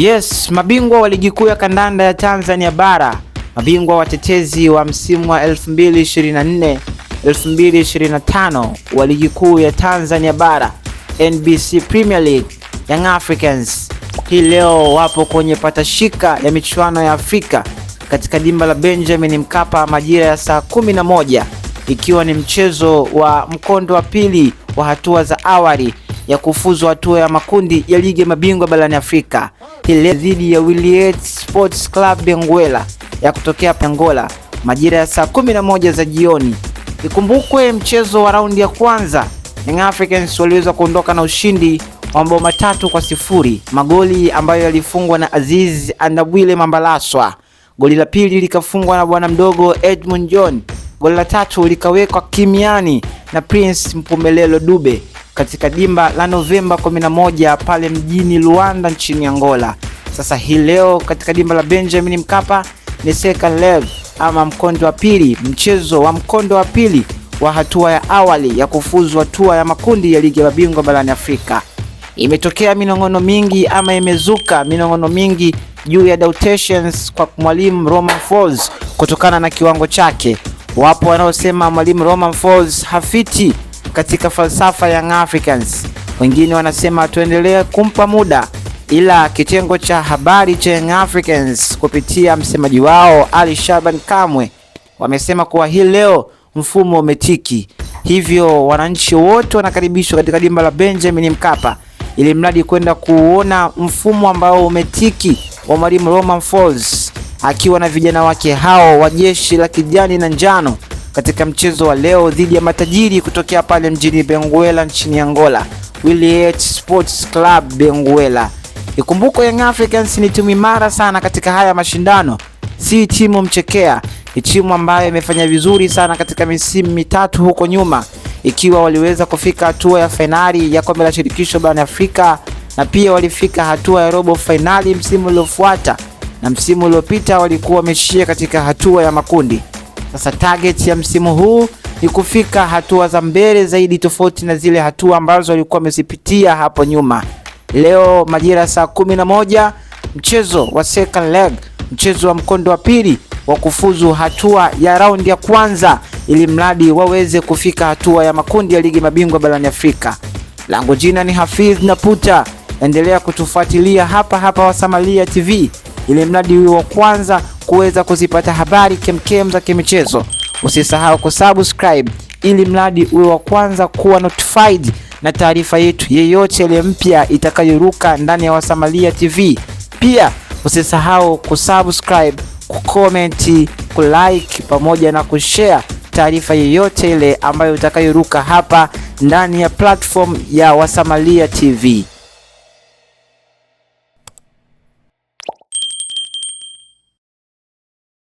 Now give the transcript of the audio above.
Yes, mabingwa wa ligi kuu ya kandanda ya Tanzania bara, mabingwa watetezi wa msimu wa 2024 2025 wa ligi kuu ya Tanzania bara NBC Premier League, Young Africans hii leo wapo kwenye patashika ya michuano ya Afrika katika dimba la Benjamin Mkapa majira ya saa 11 ikiwa ni mchezo wa mkondo wa pili wa hatua za awali ya kufuzu hatua ya makundi ya ligi ya mabingwa barani Afrika hile dhidi ya Williet Sports Club Benguela ya kutokea Angola majira ya saa 11 za jioni. Ikumbukwe mchezo wa raundi ya kwanza Young Africans waliweza kuondoka na ushindi wa mabao matatu kwa sifuri, magoli ambayo yalifungwa na Aziz Andabwile Mambalaswa, goli la pili likafungwa na bwana mdogo Edmund John, goli la tatu likawekwa kimiani na Prince Mpumelelo Dube katika dimba la Novemba 11 pale mjini Luanda nchini Angola. Sasa hii leo katika dimba la Benjamin Mkapa ni second leg ama mkondo wa pili, mchezo wa mkondo wa pili wa hatua ya awali ya kufuzu hatua ya makundi ya ligi ya mabingwa barani Afrika. Imetokea minong'ono mingi ama imezuka minong'ono mingi juu ya doubtations kwa mwalimu Romain Folz kutokana na kiwango chake. Wapo wanaosema mwalimu Romain Folz hafiti katika falsafa Young Africans. Wengine wanasema tuendelee kumpa muda, ila kitengo cha habari cha Young Africans kupitia msemaji wao Ali Shaban Kamwe wamesema kuwa hii leo mfumo umetiki, hivyo wananchi wote wanakaribishwa katika dimba la Benjamin Mkapa ili mradi kwenda kuona mfumo ambao umetiki wa mwalimu Roman Falls akiwa na vijana wake hao wa jeshi la kijani na njano katika mchezo wa leo dhidi ya matajiri kutokea pale mjini Benguela nchini Angola, Willieat Sports Club Benguela. Ikumbuko Young Africans ni timu imara sana katika haya mashindano, si timu mchekea. Ni timu ambayo imefanya vizuri sana katika misimu mitatu huko nyuma, ikiwa waliweza kufika hatua ya fainali ya kombe la shirikisho barani Afrika na pia walifika hatua ya robo fainali msimu uliofuata, na msimu uliopita walikuwa wameshia katika hatua ya makundi. Sasa target ya msimu huu ni kufika hatua za mbele zaidi, tofauti na zile hatua ambazo walikuwa wamezipitia hapo nyuma. Leo majira saa kumi na moja mchezo wa second leg, mchezo wa mkondo wa pili wa kufuzu hatua ya raundi ya kwanza, ili mradi waweze kufika hatua ya makundi ya ligi mabingwa barani Afrika. Langu jina ni Hafidh Naputa, endelea kutufuatilia hapa hapa Wasamalia TV ili mradi wa kwanza kuweza kuzipata habari kemkem za kimichezo. Usisahau kusubscribe ili mradi uwe wa kwanza kuwa notified na taarifa yetu yeyote ile mpya itakayoruka ndani ya Wasamalia TV. Pia usisahau kusubscribe, kucomment, kulike pamoja na kushare taarifa yeyote ile ambayo itakayoruka hapa ndani ya platform ya Wasamalia TV.